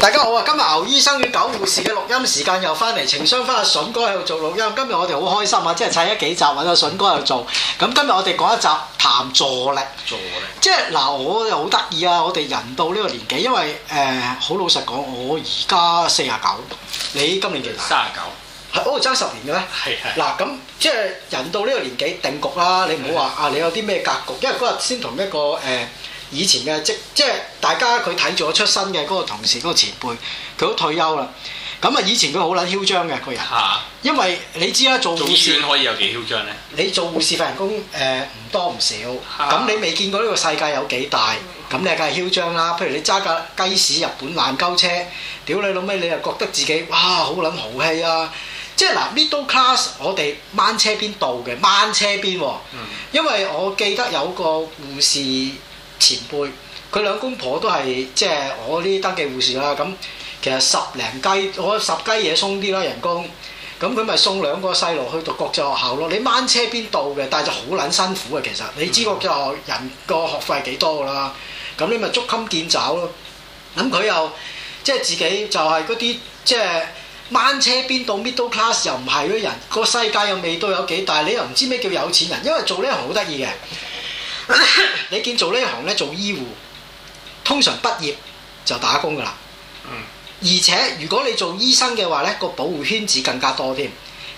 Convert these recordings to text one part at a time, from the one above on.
大家好啊！今日牛醫生與狗護士嘅錄音時間又翻嚟，情商翻阿筍哥喺度做錄音。今日我哋好開心啊，即係砌咗幾集，揾阿筍哥喺度做。咁今日我哋講一集談助力，助力。即係嗱，我又好得意啊！我哋人到呢個年紀，因為誒、呃，好老實講，我而家四十九，你今年幾大？三十九。係哦，爭十年嘅咩？係係是。嗱咁，即係人到呢個年紀定局啦。你唔好話啊，你有啲咩格局？因為嗰日先同一個誒。呃呃以前嘅即即係大家佢睇咗出身嘅嗰個同事嗰、嗰個前輩，佢都退休啦。咁啊，以前佢好撚囂張嘅個人，啊、因為你知啦，做護士，可以有幾囂張咧？你做護士發人工誒唔、呃、多唔少，咁、啊、你未見過呢個世界有幾大，咁你梗係囂張啦。譬如你揸架雞屎日本爛鳩車，屌你老味，你又覺得自己哇好撚豪氣啊！即係嗱，middle class 我哋掹車邊度嘅掹車邊喎、哦，因為我記得有個護士。前輩，佢兩公婆都係即係我啲登記護士啦，咁其實十零雞，我十雞嘢鬆啲啦，人工。咁佢咪送兩個細路去讀國際學校咯。你掹車邊度嘅，但係就好撚辛苦嘅其實。你知國際學人個學費幾多噶啦，咁你咪捉襟見肘咯。咁佢又即係自己就係嗰啲即係掹車邊度 Middle Class 又唔係嗰啲人，個世界又未到有幾大，你又唔知咩叫有錢人，因為做呢行好得意嘅。 你見做呢行咧做醫護，通常畢業就打工噶啦。嗯、而且如果你做醫生嘅話咧，個保護圈子更加多添。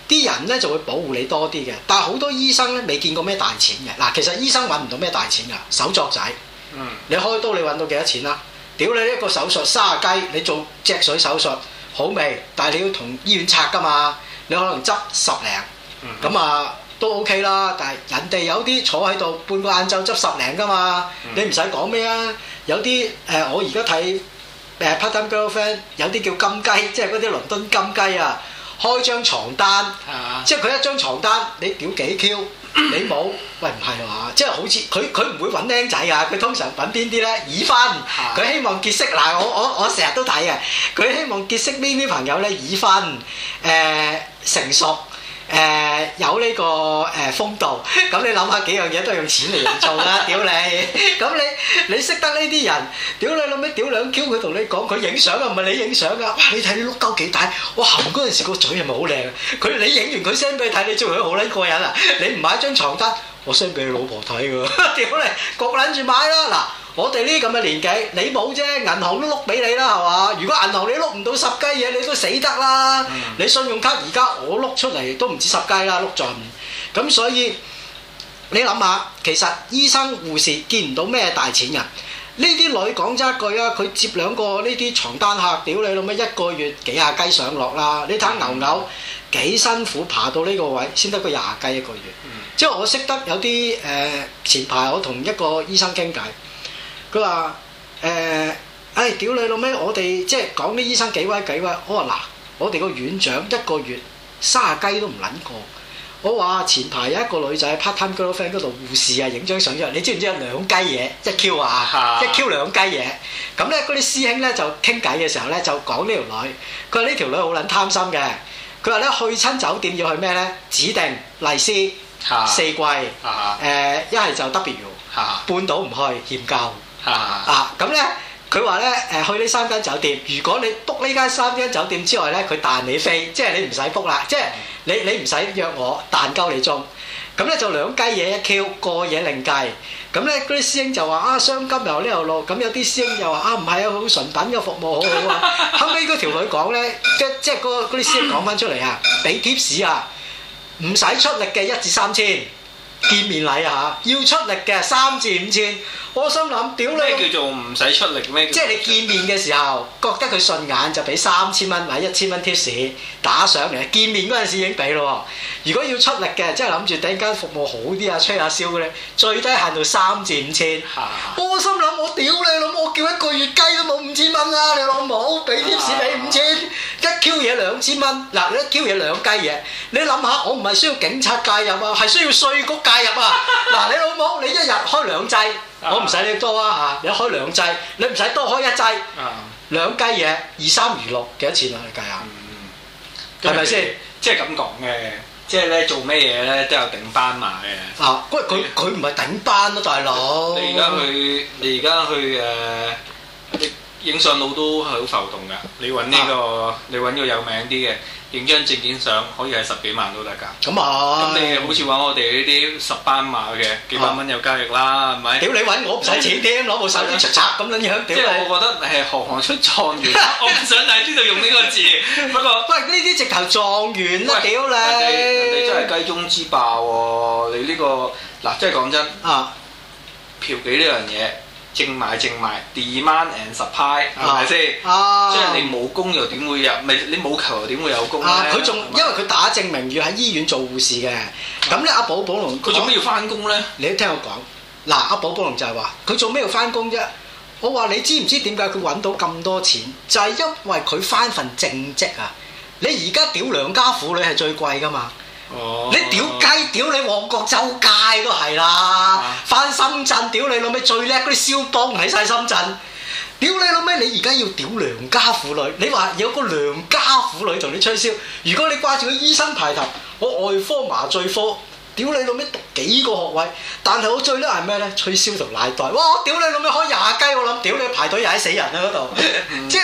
啲人咧就會保護你多啲嘅。但係好多醫生咧未見過咩大錢嘅。嗱，其實醫生揾唔到咩大錢㗎，手作仔。嗯、你開刀你揾到幾多錢啦？屌你一個手術三廿雞，你做脊髓手術好味。但係你要同醫院拆㗎嘛，你可能執十零。咁啊、嗯、～、嗯嗯都 OK 啦，但係人哋有啲坐喺度半個晏晝執十零㗎嘛，你唔使講咩啊。有啲誒，我而家睇誒 part-time girlfriend 有啲叫金雞，即係嗰啲倫敦金雞啊，開張床單，即係佢一張床單你屌幾 Q，你冇，喂，唔係啊嘛，即係好似佢佢唔會揾僆仔啊，佢通常揾邊啲咧已婚，佢希望結識，嗱，我我我成日都睇嘅，佢希望結識邊啲朋友咧已婚誒成熟。誒、呃、有呢、呢個誒、呃、風度，咁你諗下幾樣嘢都係用錢嚟做啦， 屌你！咁你你識得呢啲人，屌你諗咩？屌兩 Q 佢同你講，佢影相啊，唔係你影相噶。哇！你睇你碌鳩幾大，哇含嗰陣時個嘴係咪好靚啊？佢你影完佢 send 俾你睇，你做佢好過人啊！你唔買張床單，我 send 俾你老婆睇㗎。屌你，各撚住買啦嗱。我哋呢咁嘅年紀，你冇啫，銀行都碌俾你啦，係嘛？如果銀行你碌唔到十雞嘢，你都死得啦。嗯、你信用卡而家我碌出嚟都唔止十雞啦，碌盡。咁，所以你諗下，其實醫生護士見唔到咩大錢㗎。呢啲女講真一句啊，佢接兩個呢啲床單客，屌你老母一個月幾下雞上落啦！你睇牛牛幾辛苦爬到呢個位，先得個廿雞一個月。嗯、即係我識得有啲誒，前排我同一個醫生傾偈。佢話：誒、呃，哎，屌你老咩！我哋即係講啲醫生幾威幾威。我話嗱，我哋個院長一個月三廿雞都唔撚過。我話前排有一個女仔 part time girlfriend 嗰度護士啊，影張相入嚟。你知唔知有兩雞嘢？一 Q 啊，啊一 Q 兩雞嘢。咁咧，嗰啲師兄咧就傾偈嘅時候咧，就講呢條女。佢話呢條女好撚貪心嘅。佢話咧去親酒店要去咩咧？指定麗思、啊、四季誒，一、呃、係就 W、啊、半島唔去，嫌舊。啊啊咁咧，佢話咧誒去呢三間酒店，如果你督呢間三間酒店之外咧，佢彈你飛，即係你唔使 book 啦，即係你你唔使約我，彈鳩你中。咁咧就兩雞嘢一竅，一過嘢另計。咁咧嗰啲師兄就話啊雙金又呢又落，咁有啲師兄就話啊唔係啊，好、啊、純品嘅、啊、服務好好啊。 後尾嗰條女講咧，即即係嗰嗰啲師兄講翻出嚟啊，俾貼士啊，唔使出力嘅一至三千，3000，見面禮啊嚇，要出力嘅三至五千。5000。我心諗，屌你！咩叫做唔使出力咩？力即係你見面嘅時候， 覺得佢順眼就俾三千蚊或者一千蚊 tips 打上嚟。見面嗰陣時已經俾咯。如果要出力嘅，即係諗住頂間服務好啲啊，吹下簫嘅咧，最低限度三至五千。 我心諗，我屌你老母！我叫一個月雞都冇五千蚊啊！你老母俾 tips 俾五千， 千，一 Q 嘢兩千蚊。嗱，你一 Q 嘢兩雞嘢。你諗下，我唔係需要警察介入啊，係需要稅局介入啊！嗱，你老母，你一日開兩劑。啊、我唔使你多啊嚇，你一開兩劑，你唔使多開一劑，啊、兩劑嘢二三如六幾多錢啊？你計下，係咪先？即係咁講嘅，即係咧做咩嘢咧都有頂班買嘅。嚇、啊！喂，佢佢唔係頂班咯，大佬。你而家去，你而家去誒，影、uh, 相佬都係好浮動㗎。你揾呢、呢個，啊、你揾個有名啲嘅。影張證件相可以係十幾萬都得㗎，咁啊！咁你好似揾我哋呢啲十斑馬嘅，幾百蚊有交易啦，係咪？屌你揾我唔使錢，攞部手機刷刷咁撚樣，即係我覺得係行行出狀元。我唔想喺知道用呢個字，不過喂呢啲直頭狀元都屌你！人哋人真係雞中之霸喎，你呢個嗱真係講真啊，嫖妓呢樣嘢？淨埋淨埋 demand and supply 係咪先？是是啊！即係你冇工又點會有？咪你冇球又點會有工咧？佢仲、啊、因為佢打證明要喺醫院做護士嘅。咁咧、啊，阿寶寶龍佢做咩要翻工咧？你都聽我講嗱，阿寶寶龍就係話：佢做咩要翻工啫？我話你知唔知點解佢揾到咁多錢？就係、是、因為佢翻份正職啊！你而家屌良家婦女係最貴㗎嘛？你屌雞，屌你旺角周街都係啦，返深圳屌你老味最叻嗰啲燒檔喺晒深圳，屌你老味，你而家要屌良家婦女，你話有個良家婦女同你吹簫，如果你掛住個醫生排頭，我外科麻醉科。屌你老味讀幾個學位，但係我最叻係咩咧？取消同賴代，哇！屌你老味開廿雞，我諗屌你排隊賴死人啦嗰度。嗯、 即係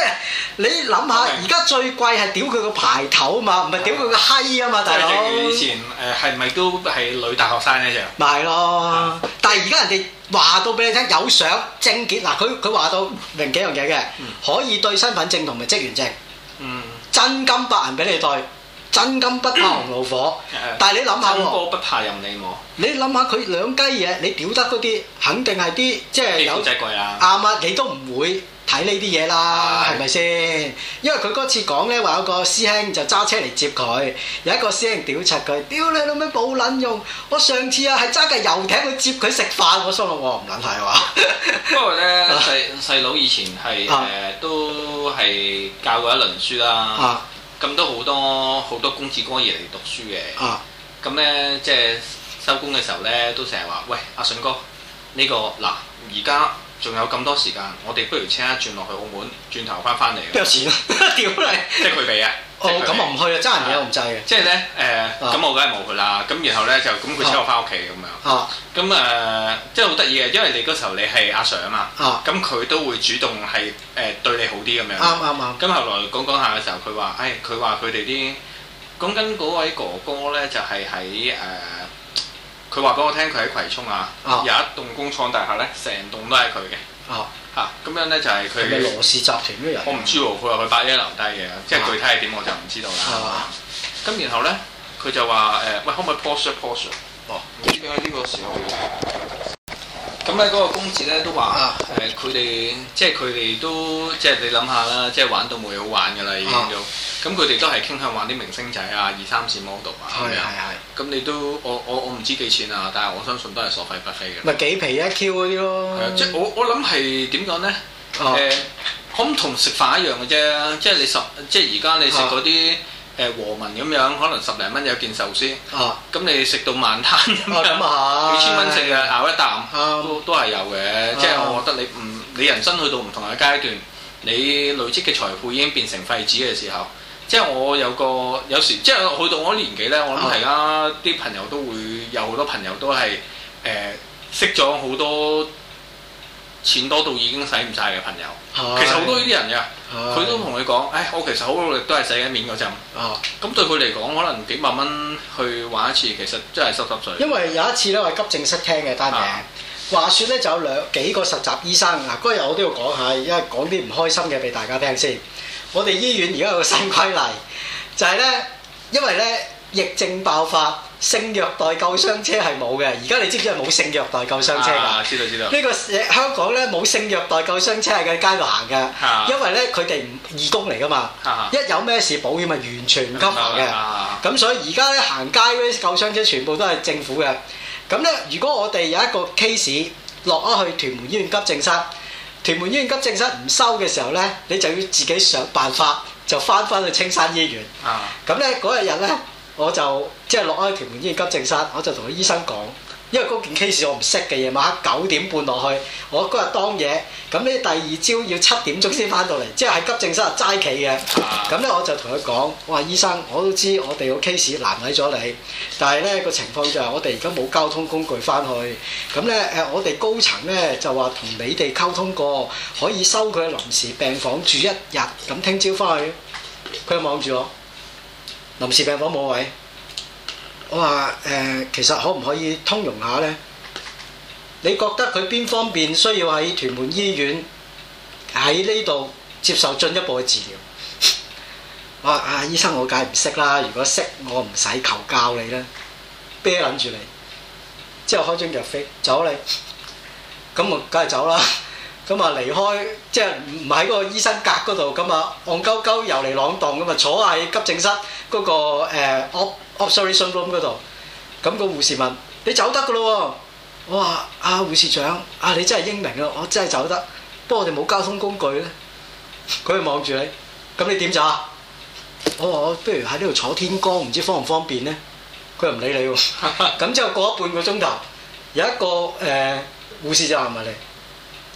你諗下，而家最貴係屌佢個排頭啊嘛，唔係屌佢個閪啊嘛，大佬。啊、以前誒係咪都係女大學生呢？就咪係咯，但係而家人哋話到俾你聽，有相證件嗱，佢佢話到明幾樣嘢嘅，嗯、可以對身份證同埋職員證，嗯，真金白銀俾你對。真金不怕紅爐火，但係你諗下喎，真哥不怕任你摸。你諗下佢兩雞嘢，你屌得嗰啲，肯定係啲即係有啱啊！你都唔會睇呢啲嘢啦，係咪先？因為佢嗰次講咧話有個師兄就揸車嚟接佢，有一個師兄屌柒佢，屌你老味冇撚用！我上次啊係揸架遊艇去接佢食飯，我心諗我唔撚係話。不過咧細細佬以前係誒都係教過一輪書啦。咁都好多好多公子哥兒嚟讀書嘅，咁咧、啊、即係收工嘅時候咧，都成日話：喂，阿信哥，呢個嗱，而家。仲有咁多時間，我哋不如車一轉落去澳門，轉頭翻翻嚟。有錢？屌你！即係佢俾啊！哦，咁我唔去啊，爭人嘢我唔爭嘅。即係咧誒，咁我梗係冇去啦。咁然後咧就咁佢車我翻屋企咁樣。哦。咁誒，即係好得意嘅，因為你嗰時候你係阿 Sir 啊嘛。哦、啊。咁佢、啊、都會主動係誒對你好啲咁樣。啱啱啱。咁、啊啊啊、後來講講下嘅時候，佢話：誒，佢話佢哋啲講緊嗰位哥哥咧，就係喺誒。啊佢話畀我聽，佢喺葵涌啊，啊有一棟工廠大廈咧，成棟都係佢嘅。啊，嚇、啊！咁樣咧就係佢。係咪羅氏集團啲人？我唔、嗯、知喎，佢話佢百一留低嘅，啊、即係具體係點我就唔知道啦。係嘛、啊？咁、啊啊、然後咧，佢就話誒、呃，喂，啊、可唔可以 portion portion？哦，唔、啊、知點解呢個時候。咁咧嗰個公子咧都話啊，誒佢哋即係佢哋都即係你諗下啦，即係玩到冇嘢好玩嘅啦已經都，咁佢哋都係傾向玩啲明星仔啊、二三線 model 啊，係係係。咁麼你都我我我唔知幾錢啊，但係我相信都係所費不菲嘅。咪幾皮一 Q 嗰啲咯。係啊，即係我我諗係點講咧？誒、呃，可唔同食飯一樣嘅啫，即係你十即係而家你食嗰啲。嗯誒、呃、和民咁樣，可能十零蚊有件壽司，咁、啊、你食到萬攤咁樣、啊、是是幾千蚊食啊，咬一啖，都都係有嘅。啊、即係我覺得你唔，你人生去到唔同嘅階段，你累積嘅財富已經變成廢紙嘅時候，即係我有個有時，即係去到我年紀呢，我諗而家啲朋友都會有好多朋友都係誒、呃、識咗好多。錢多到已經使唔晒嘅朋友，是其實好多呢啲人㗎，佢是都同你講，誒、哎，我其實好努力都係洗緊面嗰陣，咁、哦、對佢嚟講，可能幾萬蚊去玩一次，其實真係濕濕碎。因為有一次咧，我喺急症室聽嘅單嘅，是話説咧就有兩幾個實習醫生，嗱，嗰日我都要講下，因為講啲唔開心嘅俾大家聽先。我哋醫院而家有個新規例，就係咧，因為咧疫症爆發。聖約翰救傷車係冇嘅，而家你知唔知係冇聖約翰救傷車㗎？知道知道。呢個香港咧冇聖約翰救傷車喺街度行嘅，因為咧佢哋唔義工嚟㗎嘛，一有咩事保險係完全唔給埋嘅，咁所以而家咧行街嗰啲救傷車全部都係政府嘅。咁咧，如果我哋有一個 case 落咗去屯門醫院急症室，屯門醫院急症室唔收嘅時候咧，你就要自己想辦法就翻返去青山醫院。咁咧嗰日咧。我就即係落開屯門醫院急症室，我就同個醫生講，因為嗰件 case 我唔識嘅嘢，晚黑九點半落去，我嗰日當夜，咁呢第二朝要七點鐘先翻到嚟，即係喺急症室齋企嘅。咁呢我就同佢講，我話醫生，我都知我哋個 case 難為咗你，但係呢個情況就係我哋而家冇交通工具翻去，咁呢誒我哋高層呢就話同你哋溝通過，可以收佢臨時病房住一日，咁聽朝翻去，佢就望住我。臨時病房冇位，我話誒、呃，其實可唔可以通融下呢？你覺得佢邊方面需要喺屯門醫院喺呢度接受進一步嘅治療？我話啊，醫生我梗係唔識啦，如果識我唔使求教你啦，啤撚住你，之後開張藥飛走你，咁我梗係走啦。咁啊，離開即係唔唔喺嗰個醫生隔嗰度，咁啊戇鳩鳩遊嚟浪蕩咁啊，坐喺急症室嗰、嗰個 op、呃、operation room 嗰度。咁個護士問：你走得㗎咯喎？我話：啊護士長，啊你真係英明啊，我真係走得。不過我哋冇交通工具咧。佢望住你，咁你點走？我話：我不如喺呢度坐天光，唔知方唔方便咧？佢又唔理你喎、啊。咁 之後過咗半個鐘頭，有一個誒護、呃、士就問我哋。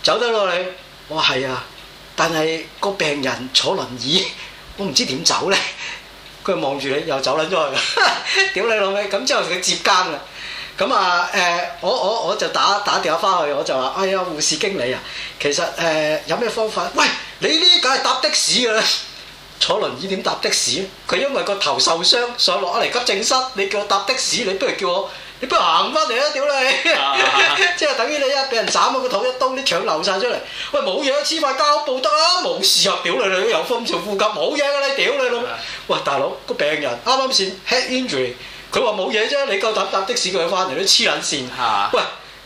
走得落你，我係啊，但係個病人坐輪椅，我唔知點走呢。佢望住你又走撚咗去㗎，屌你老味！咁之後佢接更啦。咁啊誒、呃，我我我就打打電話翻去，我就話：哎呀，護士經理啊，其實誒、呃、有咩方法？喂，你呢梗係搭的士嘅啦，坐輪椅點搭的士？佢因為個頭受傷上落嚟急症室，你叫我搭的士，你不如叫我。你不如行翻嚟啊！屌你， 即係等於你一俾人斬咗個肚一刀，啲腸流晒出嚟。喂，冇嘢，黐埋膠布得啦，冇事啊！屌你，你都有風潮呼吸，冇嘢㗎你。屌你老 喂，大佬，個病人啱啱先 head injury，佢話冇嘢啫，你夠膽搭的士佢翻嚟都黐撚線。嚇！ 喂，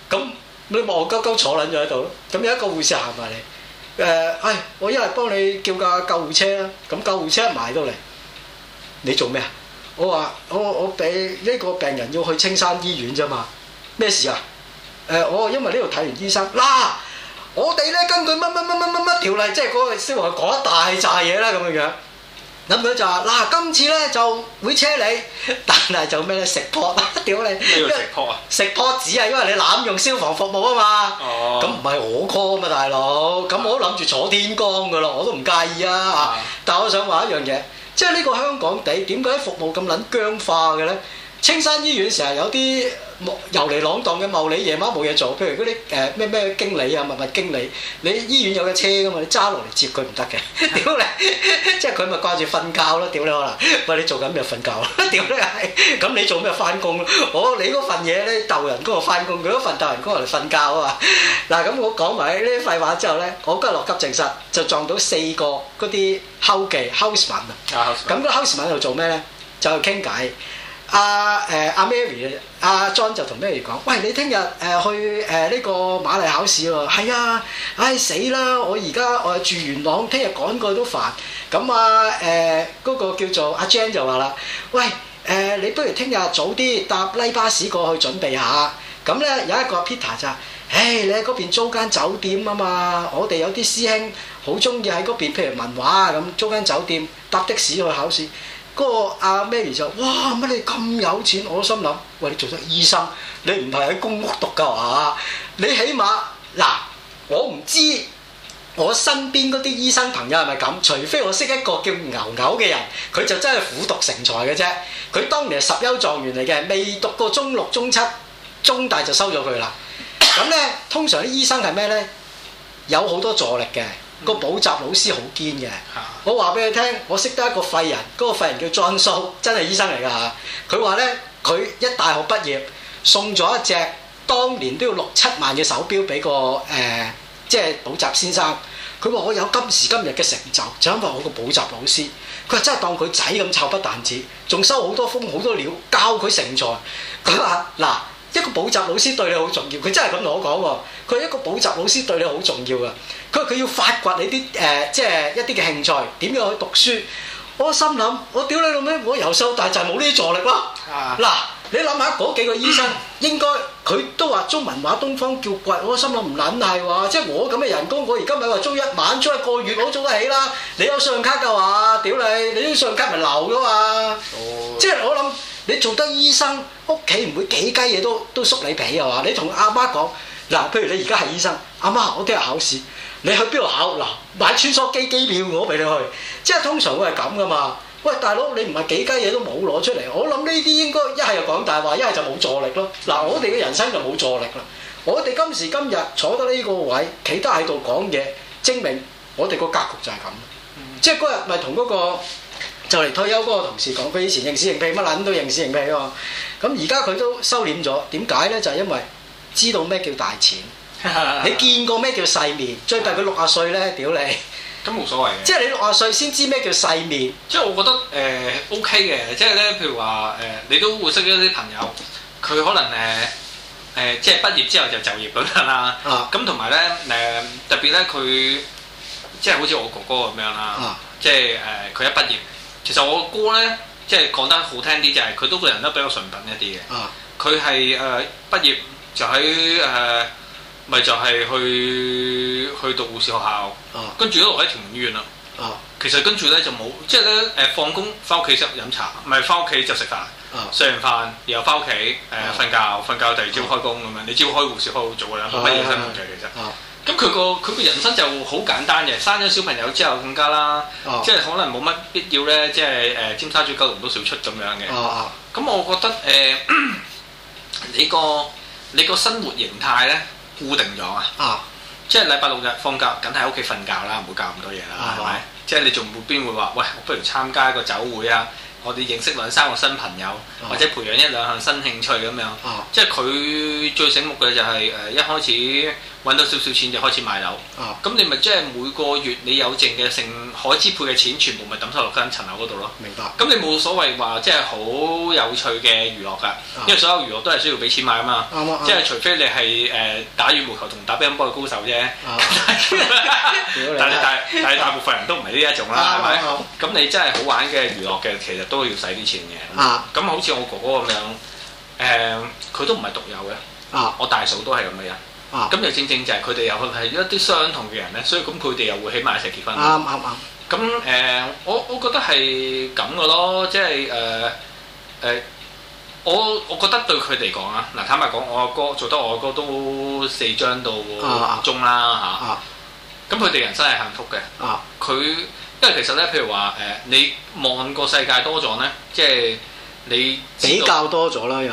咁你戇鳩鳩坐撚咗喺度咯。咁有一個護士行埋嚟，誒、呃，係、哎、我一係幫你叫架救護車啦。咁救護車埋到嚟，你做咩啊？我話我我俾呢個病人要去青山醫院啫嘛，咩事啊？誒、呃、我因為呢度睇完醫生，嗱、啊、我哋咧根據乜乜乜乜乜乜條例，即係嗰個消防講一大扎嘢啦咁樣樣，諗到就話嗱、啊、今次咧就會車你，但係就咩咧食破啊屌你！咩叫食破啊？食破只係因為你濫用消防服務啊嘛。哦，咁唔係我 call 嘛，大佬，咁我都諗住坐天光噶咯，我都唔介意啊。的但係我想話一樣嘢。.即係呢個香港地，點解服務咁撚僵化嘅咧？青山醫院成日有啲遊嚟浪蕩嘅茂利，夜晚冇嘢做，譬如嗰啲誒咩咩經理啊、物物經理，你醫院有架車㗎嘛，你揸落嚟接佢唔得嘅。屌你，即係佢咪掛住瞓覺咯？屌你可能，喂你， 你，okay? 你做緊咩瞓覺，屌、 哦、你咁你做咩返工？你我你嗰份嘢咧逗人工啊返工，佢嗰份逗人工嚟瞓覺啊嘛。嗱咁我講埋呢啲廢話之後咧，我今日落急症室就撞到四個嗰啲後記 houseman 啊、嗯。咁嗰那 houseman 又做咩咧？就係傾偈。阿誒阿 Mary 阿、啊、John 就同 Mary 講，喂，你聽日誒去誒呢、呃這個馬嚟考試喎。係啊，唉、哎、死啦！我而家我住元朗，聽日趕過去都煩。咁、嗯、啊誒嗰、呃那個叫做阿、啊、Jane 就話啦，喂誒、呃、你不如聽日早啲搭拉巴士過去準備下。咁、嗯、咧、嗯、有一個 Peter 就話，唉、哎，你喺嗰邊租間酒店啊嘛。我哋有啲師兄好中意喺嗰邊，譬如文華啊咁，租間酒店搭的士去考試。嗰個阿 Mary 就，哇，乜你咁有錢？我心諗，喂，你做咗醫生，你唔係喺公屋讀㗎嚇，你起碼嗱，我唔知我身邊嗰啲醫生朋友係咪咁？除非我識一個叫牛牛嘅人，佢就真係苦讀成才嘅啫。佢當年係十優狀元嚟嘅，未讀過中六中七，中大就收咗佢啦。咁呢，通常啲醫生係咩呢？有好多助力嘅。個補習老師好堅嘅，我話俾你聽，我識得一個廢人，嗰個廢人叫莊叔，真係醫生嚟㗎嚇。佢話咧，佢一大學畢業送咗一隻當年都要六七萬嘅手錶俾個誒，即係補習先生。佢話我有今時今日嘅成就，就因為我個補習老師。佢話真係當佢仔咁湊，不但止，仲收好多風好多料教佢成才。佢話嗱。一個補習老師對你好重要，佢真係咁同我講喎。佢係一個補習老師對你好重要噶。佢話佢要發掘你啲誒、呃，即係一啲嘅興趣點樣去讀書。我心諗，我屌你老味，我由細到大，但係就係冇呢啲助力咯。嗱、啊，你諗下嗰幾個醫生，應該佢都話中文話東方叫掘，我心諗唔撚係喎。即係我咁嘅人工，我而今日話租一晚，租一個月我都租得起啦。你有信用卡㗎嘛？屌你，你啲信用卡咪流嘅嘛？對即係我諗。你做得醫生，屋企唔會幾雞嘢都都縮你皮啊嘛！你同阿媽講嗱，譬如你而家係醫生，阿媽，話我聽日考試，你去邊度考嗱？買穿梭機機票我都俾你去，即係通常會係咁噶嘛。喂，大佬你唔係幾雞嘢都冇攞出嚟，我諗呢啲應該一係又講大話，一係就冇助力咯。嗱，我哋嘅人生就冇助力啦。我哋今時今日坐得呢個位，企得喺度講嘢，證明我哋個格局就係咁。即係嗰日咪同嗰個，就嚟退休嗰個同事講，佢以前認屎認屁乜撚都認屎認屁喎。咁而家佢都收斂咗，點解咧？就係、是、因為知道咩叫大錢， 你見過咩叫世面？最大佢六啊歲咧，屌你！咁冇所謂嘅。即係你六啊歲先知咩叫世面。即係我覺得誒、呃、OK 嘅，即係咧，譬如話誒、呃，你都會識咗啲朋友，佢可能誒誒、呃，即係畢業之後就就業嗰陣啦。咁同埋咧誒，特別咧佢即係好似我哥哥咁樣啦，啊、即係誒佢一畢業。其實我哥咧，即係講得好聽啲，就係佢都個人都比較純品一啲嘅。佢係誒畢業就喺誒，咪就係去去讀護士學校。跟住一度喺屯門醫院啦。其實跟住咧就冇，即係咧誒放工翻屋企即係飲茶，唔係翻屋企就食飯。食完飯然後翻屋企誒瞓覺，瞓覺第二朝開工咁樣。你朝要開護士好好做嘅啦，冇乜嘢新問題其實。咁佢個佢個人生就好簡單嘅，生咗小朋友之後更加啦，即係可能冇乜必要咧，即係誒尖沙咀九龍都少出咁樣嘅。咁我覺得誒你個你個生活形態咧固定咗啊！即係禮拜六日放假，梗係喺屋企瞓覺啦，唔好教咁多嘢啦，係咪？即係你仲會邊會話喂，不如參加一個酒會啊！我哋認識兩三個新朋友，或者培養一兩項新興趣咁樣。即係佢最醒目嘅就係誒一開始。揾到少少錢就開始買樓，咁你咪即係每個月你有剩嘅剩可支配嘅錢，全部咪抌晒落間層樓嗰度咯。明白。咁你冇所謂話即係好有趣嘅娛樂㗎，因為所有娛樂都係需要俾錢買啊嘛，即係除非你係誒打羽毛球同打乒乓波嘅高手啫。但係但係但係大部分人都唔係呢一種啦，係咪？咁你真係好玩嘅娛樂嘅，其實都要使啲錢嘅。啊，咁好似我哥哥咁樣，誒，佢都唔係獨有嘅，我大嫂都係咁嘅人。咁就正正就係佢哋又係一啲相同嘅人咧，所以咁佢哋又會起碼一齊結婚。啱啱啱。咁、嗯、誒、呃，我我覺得係咁嘅咯，即係誒誒，我我覺得對佢哋嚟講啊，嗱坦白講，我阿哥做得我阿哥都四張到中啦嚇。咁佢哋人生係幸福嘅。啊、嗯。佢、嗯、因為其實咧，譬如話誒、呃，你望個世界多咗咧，即係。你比較多咗啦，又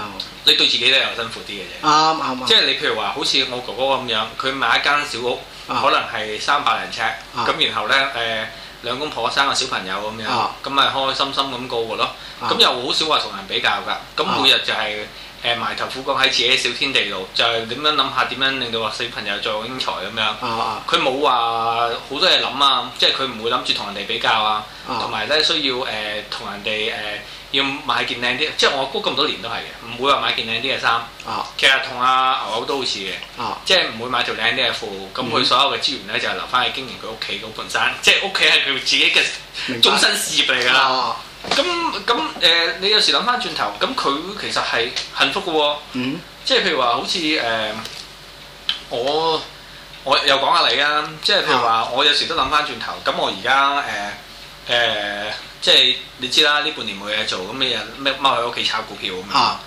你對自己都有辛苦啲嘅啫。啱、啊、啱即係你譬如話，好似我哥哥咁樣，佢買一間小屋，啊、可能係三百零尺咁，啊、然後咧誒、呃、兩公婆生個小朋友咁樣，咁咪開開心心咁過咯。咁、啊、又好少話同人比較㗎。咁每日就係、是、誒、呃、埋頭苦幹喺自己小天地度，就係、是、點樣諗下點樣令到個小朋友再有英才咁樣。佢冇話好多嘢諗啊，即係佢唔會諗住同人哋比較啊。同埋咧需要誒同、呃呃呃呃呃呃呃呃、人哋誒。呃要買件靚啲，即係我估咁多年都係嘅，唔會話買件靚啲嘅衫。啊，其實同阿牛牛都好似嘅。啊，即係唔會買條靚啲嘅褲。咁佢、嗯、所有嘅資源咧就係、是、留翻去經營佢屋企嗰盤山，即係屋企係佢自己嘅終身事業嚟㗎啦。咁咁誒，你有時諗翻轉頭，咁佢其實係幸福嘅喎、啊。嗯。即係譬如話，好似誒、呃、我我又講下你啊，即係譬如話，嗯、我有時都諗翻轉頭，咁我而家誒誒。呃呃呃呃呃即係你知啦，呢半年冇嘢做，咁你又乜踎喺屋企炒股票咁啊？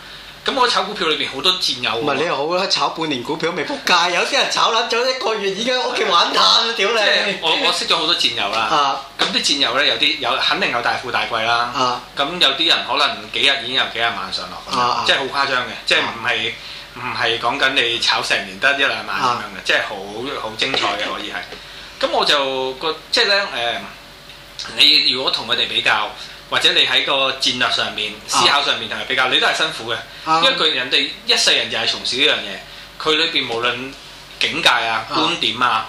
咁我炒股票裏邊好多戰友唔係你又好啦，炒半年股票都未撲街，有啲人炒撚咗一個月已經屋企玩碳，屌你！即係我我識咗好多戰友啦。咁啲戰友咧有啲有肯定有大富大貴啦。咁有啲人可能幾日已經有幾十萬上落，啊！即係好誇張嘅，即係唔係唔係講緊你炒成年得一兩萬咁樣嘅，即係好好精彩嘅可以係。咁我就個即係咧誒。你如果同佢哋比較，或者你喺個戰略上面、啊、思考上面同佢比較，你都係辛苦嘅，啊、因為佢人哋一世人就係從事呢樣嘢，佢裏邊無論境界啊、啊觀點啊。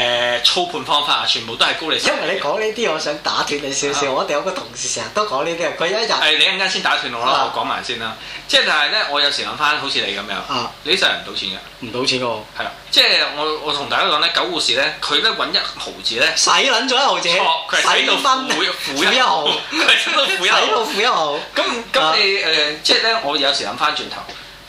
誒操盤方法啊，全部都係高利息。因為你講呢啲，我想打斷你少少。我哋有個同事成日都講呢啲，佢一日係。你一陣間先打斷我啦，我講埋先啦。即係但係咧，我有時諗翻好似你咁樣，你啲細人唔到錢嘅，唔到錢喎。係啦，即係我我同大家講咧，九護士咧，佢咧揾一毫子咧，使撚咗一毫子，使到分，負負一毫，洗到負一毫。咁咁你誒，即係咧，我有時諗翻轉頭，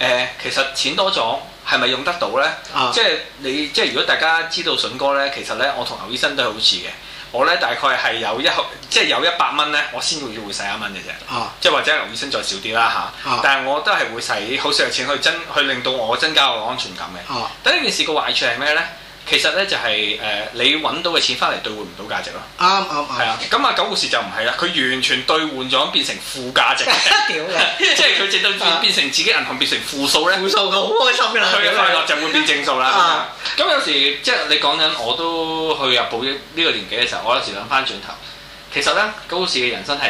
誒，其實錢多咗。係咪用得到咧、啊？即係你即係如果大家知道筍哥咧，其實咧我同劉醫生都係好似嘅。我咧大概係有一即係、就是、有一百蚊咧，我先會使一蚊嘅啫。啊、即係或者劉醫生再少啲啦嚇。啊啊、但係我都係會使好少嘅錢去增去令到我增加我安全感嘅。咁呢、啊、件事個壞處係咩咧？其實咧就係，誒你揾到嘅錢翻嚟兌換唔到價值咯。啱啱啱。係啊，咁啊九號士就唔係啦，佢完全兌換咗變成負價值，即係佢直到變成自己銀行變成負數咧。負數咁好開心快樂就會變正數啦。咁有時即係你講緊我都去入保呢個年紀嘅時候，我有時諗翻轉頭，其實咧九號士嘅人生係誒，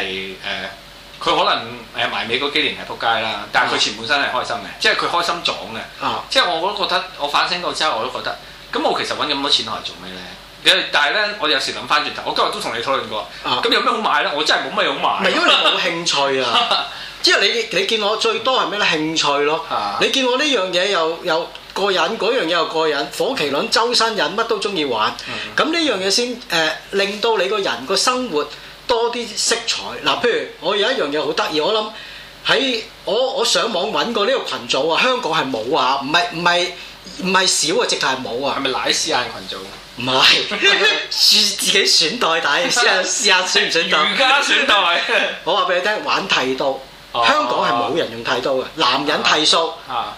佢可能誒埋尾嗰幾年係撲街啦，但係佢前半生係開心嘅，即係佢開心撞嘅。即係我都覺得我反省過之後，我都覺得。咁我其實揾咁多錢攞嚟做咩咧？ 但係咧，我有時諗翻轉頭，我今日都同你討論過，咁、啊、有咩好買咧？我真係冇咩嘢好買、啊，因為你冇興趣啊！ 即係你你見我最多係咩咧？興趣咯，啊、你見我呢樣嘢又又過癮，嗰樣嘢又過癮，火麒麟、周身癮，乜都中意玩。咁呢樣嘢先誒，令到你個人個生活多啲色彩。嗱、啊，譬如我有一樣嘢好得意，我諗喺我我上網揾過呢個群組啊，香港係冇啊，唔係唔係。唔係少啊，直頭係冇啊，係咪瀨試下群組？唔係是， 自己選代底，試下試下選唔選到？而家選袋。 我話俾你聽，玩剃刀，啊、香港係冇人用剃刀嘅，啊、男人剃鬚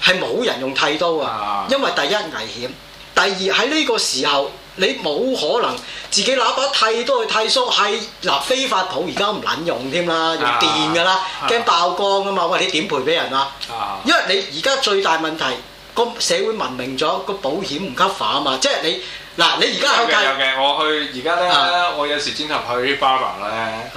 係冇人用剃刀啊，因為第一危險，第二喺呢個時候你冇可能自己攞把剃刀去剃鬚，係、啊、嗱飛髮舖而家唔撚用添啦，用電㗎啦，驚、啊啊、爆光啊嘛，我話你點賠俾人啊？因為你而家最大問題。個社會文明咗，個保險唔合法啊嘛，即係你嗱，你而家有計？有嘅，有嘅，我去而家咧，我有時專登去 barber 咧，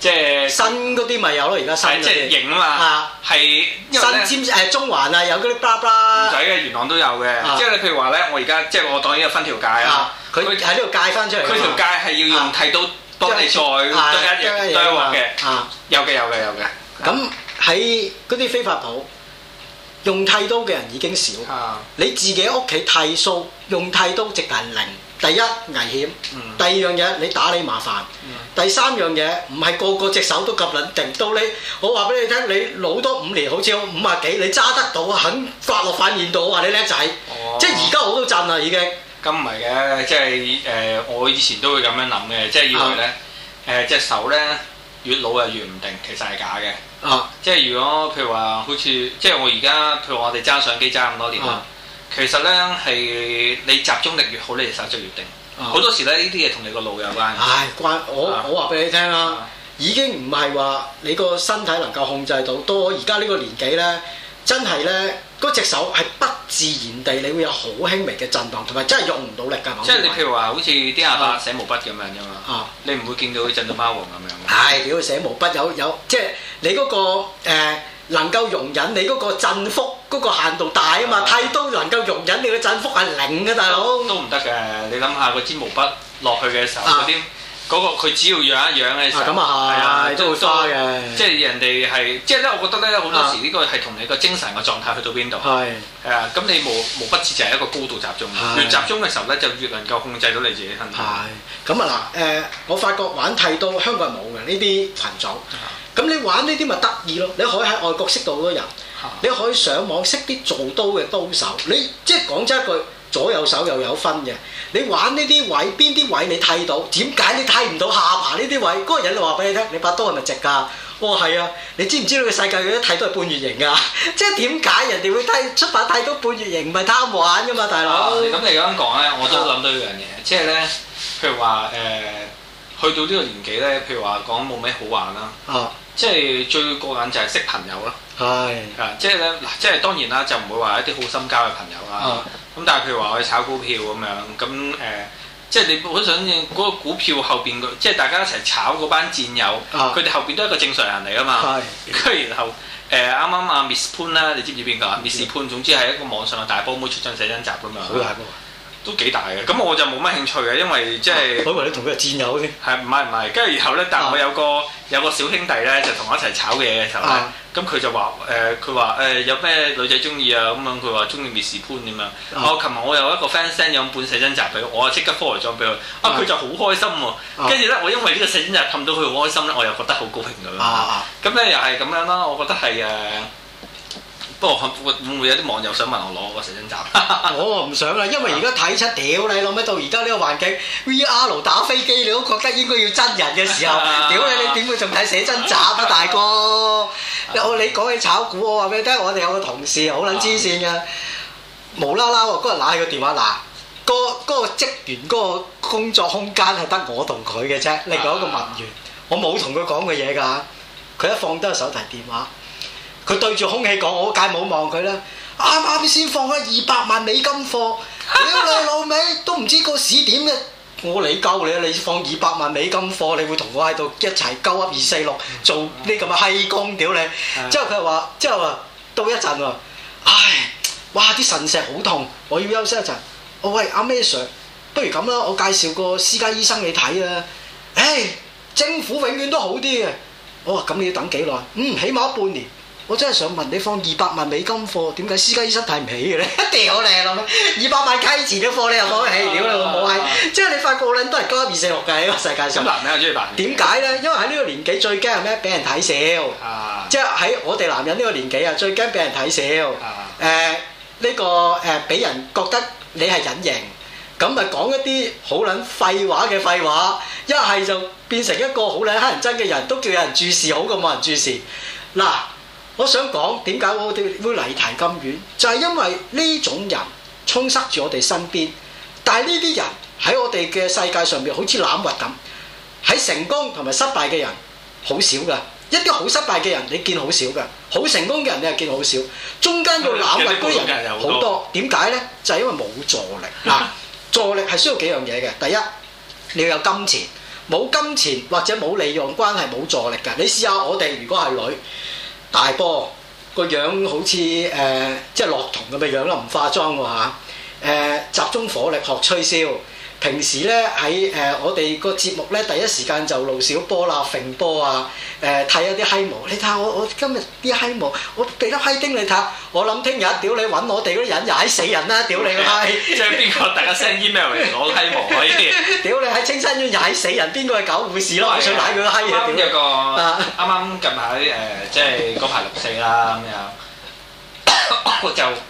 即係新嗰啲咪有咯，而家新即係型啊嘛，係新尖誒中環啊，有嗰啲 barber。唔使嘅，元朗都有嘅。即係你譬如話咧，我而家即係我當然有分條界啊，佢喺呢度界翻出嚟。佢條界係要用剃刀幫你再堆一嘢堆鑊嘅。有嘅有嘅有嘅。咁喺嗰啲非法普。用剃刀嘅人已經少，啊、你自己屋企剃鬚用剃刀直頭零，第一危險，嗯、第二樣嘢你打理麻煩，嗯、第三樣嘢唔係個個隻手都夾撚定到你。我話俾你聽，你老多五年好似五啊幾，你揸得到，肯刮落塊面度，我話你叻仔。哦、即係而家我都震啦已經。咁唔係嘅，即係誒、呃、我以前都會咁樣諗嘅，即係以為咧誒的、呃、隻手咧。越老又越唔定，其實係假嘅。啊，即係如果譬如話，好似即係我而家，譬如我哋揸相機揸咁多年啦。啊、其實咧係你集中力越好，你手就越定。好、啊、多時咧，呢啲嘢同你個腦有關。唉、哎，關我我話俾你聽啦，啊、已經唔係話你個身體能夠控制到。到我而家呢個年紀咧，真係咧。嗰隻手係不自然地，你會有好輕微嘅震動，同埋真係用唔到力㗎。即係你譬如話，好似啲阿伯寫毛筆咁樣啫嘛，啊、你唔會見到佢震到貓王咁樣。係屌寫毛筆有有，即係你嗰、嗰個、呃、能夠容忍你嗰個振幅嗰個限度大啊嘛，剃刀、啊、能夠容忍你嘅振幅係零㗎大佬。都唔得嘅，你諗下個支毛筆落去嘅時候啲。啊嗰佢只要養一養嘅係咁啊，係啊，啊都好多嘅。即係人哋係，即係咧，我覺得咧，好多時呢個係同你個精神個狀態去到邊度。係，係啊，咁、啊、你無無不止就係一個高度集中。啊、越集中嘅時候咧，就越能夠控制到你自己身體。係、啊，咁啊嗱，誒、呃，我發覺玩太多，香港人冇嘅呢啲群組。咁、啊、你玩呢啲咪得意咯？你可以喺外國識到好多人，啊、你可以上網上識啲做刀嘅刀手。你，你即係講真一句。左右手又有分嘅，你玩呢啲位，邊啲位你睇到？點解你睇唔到下巴呢啲位？嗰、那個人就話俾你聽，你把刀係咪直㗎？哦，係啊，你知唔知道個世界嘅一睇到係半月形㗎？ 即係點解人哋會睇出發睇到半月形？唔係貪玩㗎嘛、啊，大佬。咁、啊、你咁講咧，我都諗到一樣嘢， 即係咧，譬如話誒、呃，去到呢個年紀咧，譬如話講冇咩好玩啦，即係最過癮就係識朋友啦。係啊， 即係咧，即係當然啦，就唔會話一啲好深交嘅朋友啊。咁但係譬如話去炒股票咁樣，咁誒、呃，即係你好想嗰個股票後邊，即係大家一齊炒嗰班戰友，佢哋、啊、後邊都係一個正常人嚟啊嘛。咁然後誒啱啱阿 Miss 潘啦，呃、剛剛 oon, 你知唔知邊個 m i s、嗯、s 潘、嗯、總之係一個網上嘅大波妹出張寫真集咁樣。都幾大嘅，咁我就冇乜興趣嘅，因為即係，嗰個你同佢係戰友先。係唔係唔係，跟住然後咧，但我有個有個小兄弟咧，就同我一齊炒嘅嘢嘅時候咧，咁佢就話誒，佢話誒有咩女仔中意啊，咁樣佢話中意 Miss 潘咁樣。我琴日我有一個 friend send 兩本寫真集俾我，我即刻 follow 咗俾佢。啊，佢就好開心喎。跟住咧，我因為呢個寫真集氹到佢好開心咧，我又覺得好高興㗎嘛。咁咧又係咁樣啦，我覺得係誒。不過會唔會有啲網友想問我攞個寫真集？ 我唔想啦，因為而家睇出屌你諗起到而家呢個環境，VR 打飛機你都覺得應該要真人嘅時候，屌 你你點會仲睇寫真集啊，大哥！ 你講起炒股，我話俾你聽，我哋有個同事好撚黐線㗎，無啦啦嗰日攬起個電話，嗱，嗰、嗰、嗰個職、嗰個、員嗰、嗰個工作空間係得我同佢嘅啫，另外一個文員，我冇同佢講過嘢㗎，佢一放低手提電話。佢對住空氣講：我梗冇望佢啦，啱啱先放開二百萬美金貨，屌你 老味，都唔知個屎點嘅。 我嚟救你啊！你放二百萬美金貨，你會同我喺度一齊鳩噏二四六做呢咁嘅閪工？屌你！之 後佢又話：之後啊，到一陣喎。唉、哎，哇！啲腎石好痛，我要休息一陣。哦喂，阿咩 Sir，不如咁啦，我介紹個私家醫生你睇啊。哎、唉，政府永遠都好啲啊。我話咁你要等幾耐？嗯，起碼半年。我真係想問你放二百萬美金貨，點解私家醫生睇唔起嘅咧？一定好靚囉，二百萬雞錢嘅貨你又放喺，屌你老味，即係你發覺撚都係高一二四六嘅喺個世界上。咁男人又中意扮點解咧？因為喺呢個年紀最驚係咩？俾人睇笑，啊、即係喺我哋男人呢個年紀啊，最驚俾人睇笑。誒、這、呢個誒俾、呃、人覺得你係隱形，咁咪講一啲好撚廢話嘅廢話，一係就變成一個好撚乞人憎嘅人，都叫有人注視好過冇人注視。嗱。我想講點解我哋會離題咁遠，就係因為呢種人充塞住我哋身邊。但係呢啲人喺我哋嘅世界上面好似濫滑咁。喺成功同埋失敗嘅人好少㗎，一啲好失敗嘅人你見好少㗎，好成功嘅人你又見好少。中間要濫滑居人好多，點解呢？就係因為冇助力。嗱， 助力係需要幾樣嘢嘅。第一，你要有金錢，冇金錢或者冇利用關係冇助力㗎。你試下我哋如果係女。大波個樣好似誒、呃，即係樂童咁嘅樣咯，唔化妝喎嚇，誒、啊、集中火力學吹簫。平時咧喺誒我哋個節目咧，第一時間就露小波啦，揈波啊，誒睇一啲嗨毛。你睇下我我今日啲嗨毛，我俾粒嗨丁你睇，我諗聽日屌你揾我哋嗰啲人又踩死人啦，屌、啊、你個嗨即，即係邊個大家 send email 嚟？攞嗨毛啊依啲，屌你喺青山院踩死人，邊個係狗護士咯？啊、想踩佢個嗨？人？啱啱個，啱啱近排誒即係嗰排六四啦咁又，我就。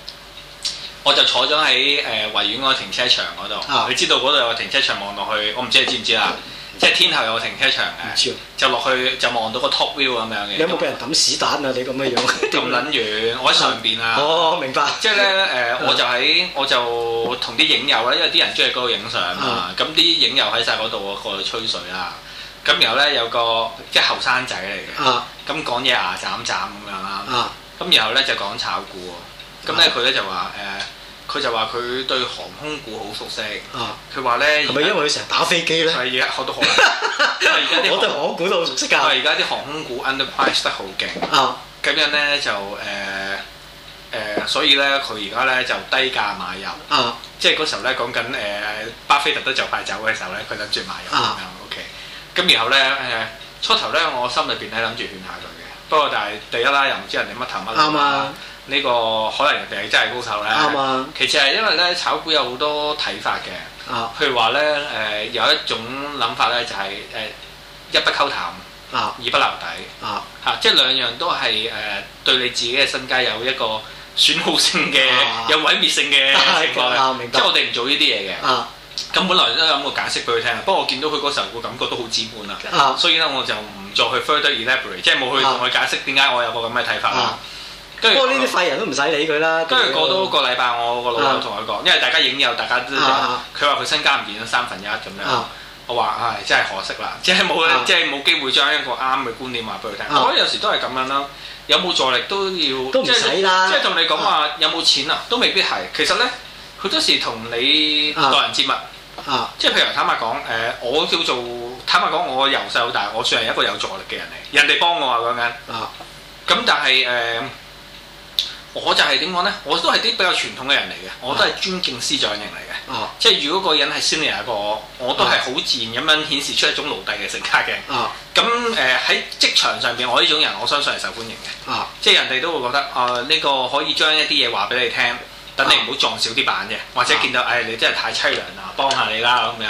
我就坐咗喺誒維園嗰個停車場嗰度，你、哦、知道嗰度、嗯、有個停車場望落、嗯、去，我唔知你知唔知啦。即係天后有個停車場嘅，就落去就望到個 top view 咁樣嘅。有冇俾人抌屎蛋啊？你咁嘅樣？咁撚遠，我喺上邊啊。哦，明白。即係咧誒，我就喺我就同啲影友啦，因為啲人中意嗰度影相啊。咁啲影友喺晒嗰度，我過去吹水、就是、啦。咁、啊啊啊、然後咧有個即係後生仔嚟嘅，咁講嘢牙斬斬咁樣啦。咁然後咧就講炒股。咁咧佢咧就話誒，佢、呃、就話佢對航空股好熟悉。啊，佢話咧，係咪在因為佢成日打飛機咧？係 啊，學到航空。我對航空股都熟悉㗎。佢而家啲航空股 underpriced 得好勁。啊，咁樣咧就誒誒、呃呃，所以咧佢而家咧就低價買入。啊、即係嗰時候咧講緊誒、呃、巴菲特都就快走嘅時候咧，佢諗住買入咁、啊、樣。OK，咁然後咧誒，初頭咧我心裏邊咧諗住勸下佢。不過，但係第一啦，又唔知人哋乜頭乜嚟，啱呢個，可能人哋真係高手咧。啱啊！其次係因為咧，炒股有好多睇法嘅。啊！譬如話咧，誒有一種諗法咧，就係誒一不溝淡，啊，二不留底，啊即係兩樣都係誒對你自己嘅身家有一個損耗性嘅、有毀滅性嘅情況。即係我哋唔做呢啲嘢嘅。咁本來都諗過解釋俾佢聽，不過我見到佢嗰時候個感覺都好滋滿啊，所以咧我就。做去 further elaborate 即係冇去同佢解釋點解我有個咁嘅睇法。不過呢啲廢人都唔使理佢啦。跟住過多個禮拜，我個老闆同佢講，因為大家影友大家都，佢話佢身家唔見咗三分一咁樣。我話唉，真係可惜啦，即係冇即係冇機會將一個啱嘅觀念話俾佢聽。我覺得有時都係咁樣啦，有冇助力都要，都唔使啦，即係即係同你講話有冇錢啊，都未必係。其實咧，好多時同你待人接物，即係譬如坦白講，誒，我叫做。坦白講，我由細到大，我算係一個有助力嘅人嚟，人哋幫我啊講緊。咁但係誒、呃，我就係點講呢？我都係啲比較傳統嘅人嚟嘅，我都係尊敬師長型嚟嘅。啊、即係如果個人係先嚟一個，我都係好自然咁樣顯示出一種奴隸嘅性格嘅。咁誒喺職場上邊，我呢種人我相信係受歡迎嘅。啊、即係人哋都會覺得啊，呢、呃呢個可以將一啲嘢話俾你聽。等你唔好撞少啲板嘅，或者見到，唉、哎，你真係太淒涼啦，幫下你啦咁樣。